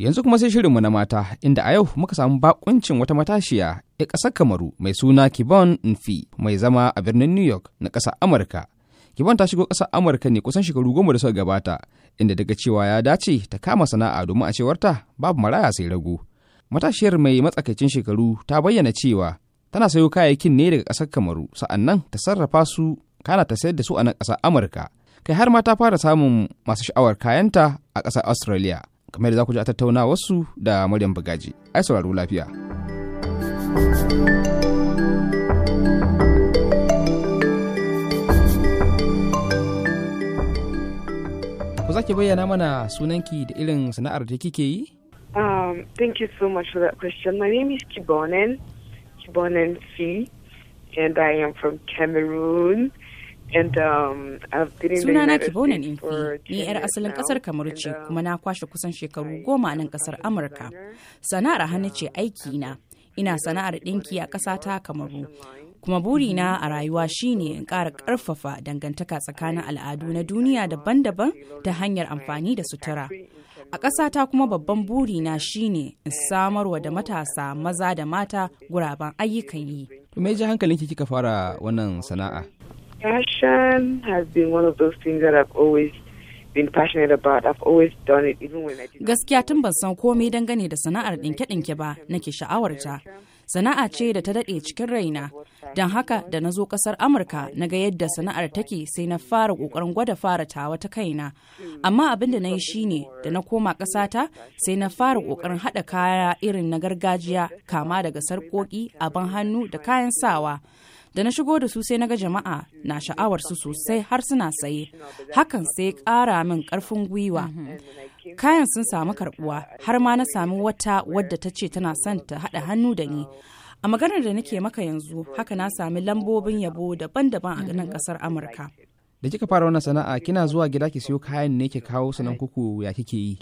yanzu kuma sai shirinmu na mata inda a yau muka samu bakuncin wata matashiya ya ƙasar kamaru mai suna kibon nfi mai zama a birnin new york na ƙasar amurka kibon ta shigo ƙasar amurka ne kusan shekaru goma da suka gabata inda daga cewa ya dace ta kama sana'a domin a cewarta babu maraya sai rago matashiyar mai matsakaicin shekaru ta bayyana cewa tana sayo kayayyakin ne daga ƙasar kamaru sa'annan ta sarrafa su kana ta sayar da su a nan ƙasar amurka kai har ma ta fara samun masu sha'awar kayanta a ƙasar australia kamar yadda za ku ji a tattauna wasu da Maryam Bagaji. Ai sauraro lafiya. Ku zaki bayyana mana sunanki da irin sana'ar da kike yi? Um, thank you so much for that question. My name is Kibonen, Kibonen C, and I am from Cameroon. Suna na Kibonan Infi, ni 'yar asalin kasar Kamaru ce kuma na um, kwashe kusan shekaru goma nan kasar Amurka. Sana'ar hannu ce um, aiki na, ina sana'ar ɗinki a ƙasata Kamaru. Kuma burina mm-hmm. a rayuwa shine in ƙara uh, ƙarfafa dangantaka tsakanin al'adu na duniya daban-daban ta hanyar amfani da sutura. A ƙasata kuma babban burina shine in um, samarwa da oh, matasa maza da mata guraben ayyukan yi. To me ji hankalinki kika fara wannan sana'a? Fashion has been one of those things that I've always been passionate about. I've always done it even when I didn't. Gaskiya tun ban san komai dangane da sana'ar ɗinke-ɗinke ba nake sha'awarta. Sana'a ce da ta daɗe cikin raina. Don haka da na zo ƙasar Amurka na ga yadda sana'ar take sai na fara ƙoƙarin gwada fara tawa ta kaina. Amma abin da na yi shine da na koma ƙasata sai na fara ƙoƙarin haɗa kaya irin na gargajiya kama daga sarƙoƙi, abin hannu da kayan sawa. da na shigo da su sai naga jama'a na sha'awar su sosai har suna saye hakan sai ƙara min karfin gwiwa kayan sun samu karbuwa har ma na sami wata wadda ta ce tana son ta haɗa hannu da ni a maganar da nake maka yanzu haka na sami lambobin yabo daban-daban a nan kasar amurka da kika fara wannan sana'a kina zuwa gida ki siyo kayan ne ke kawo sanan kuku ya kike yi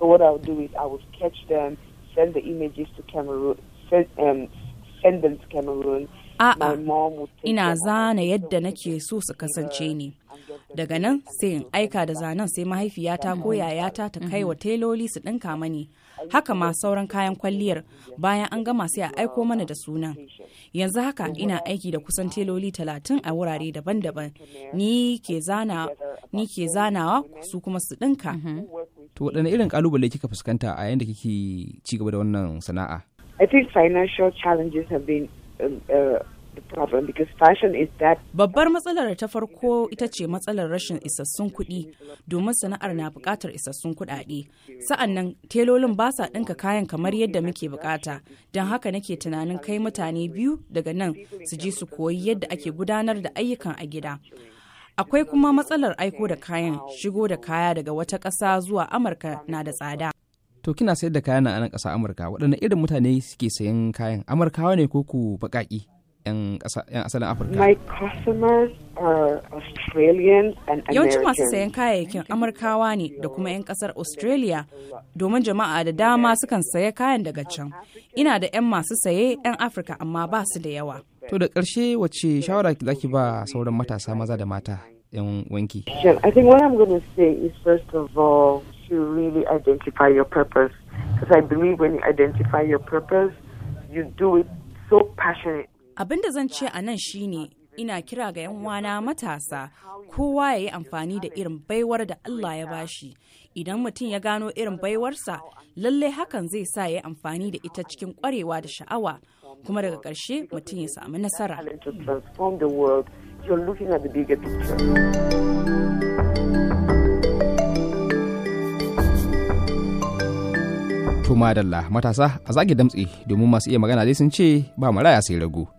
So what would do is I would sketch them, send the images to Cameroon, send, um, descendants Cameroon. A'a, ina zana yadda nake so su kasance ni Daga nan sai in aika da zanen sai mahaifiyata ko yayata ta kai wa mm-hmm. teloli su ɗinka mani. Haka ma sauran kayan kwalliyar bayan an gama sai a aiko mana da sunan. Yanzu haka ina aiki da kusan teloli talatin a wurare daban-daban. Ni ke zanawa su kuma su ɗinka. Mm-hmm. To waɗanne irin ƙalubale kika fuskanta a yayin kike ci gaba da wannan sana'a? I think financial challenges have been um, uh, the problem because fashion is that. Babbar matsalar ta farko ita ce matsalar rashin isassun kuɗi domin sana'ar na buƙatar isassun kuɗaɗe. Sa'an nan telolin ba sa ɗinka kayan kamar yadda muke buƙata don haka nake tunanin kai mutane biyu daga nan su ji su koyi yadda ake gudanar da ayyukan a gida. Akwai kuma matsalar aiko da kayan shigo da kaya daga wata ƙasa zuwa Amurka na da tsada. to kina sayar da kayan a nan ƙasa amurka waɗanne irin mutane suke sayan kayan amurkawa ne ko ku baƙaƙi 'yan asalin afirka yawancin masu sayan kayayyakin amurkawa ne da kuma 'yan ƙasar australia domin jama'a da dama sukan saya kayan daga can ina da 'yan masu saye 'yan afirka amma ba su da yawa to da ƙarshe wacce shawara zaki ba sauran matasa maza da mata 'yan wanki to really identify your purpose. Because I believe when you identify your purpose, you do it so passionately. Abin da zan ce a nan shine ina kira ga 'yan wana matasa kowa ya yi amfani da irin baiwar da Allah ya bashi idan mutum ya gano irin baiwarsa lalle hakan zai sa ya yi amfani da ita cikin kwarewa da sha'awa kuma daga ƙarshe mutum ya samu nasara. To madalla matasa a zage damtse domin masu iya magana dai sun ce ba maraya sai rago.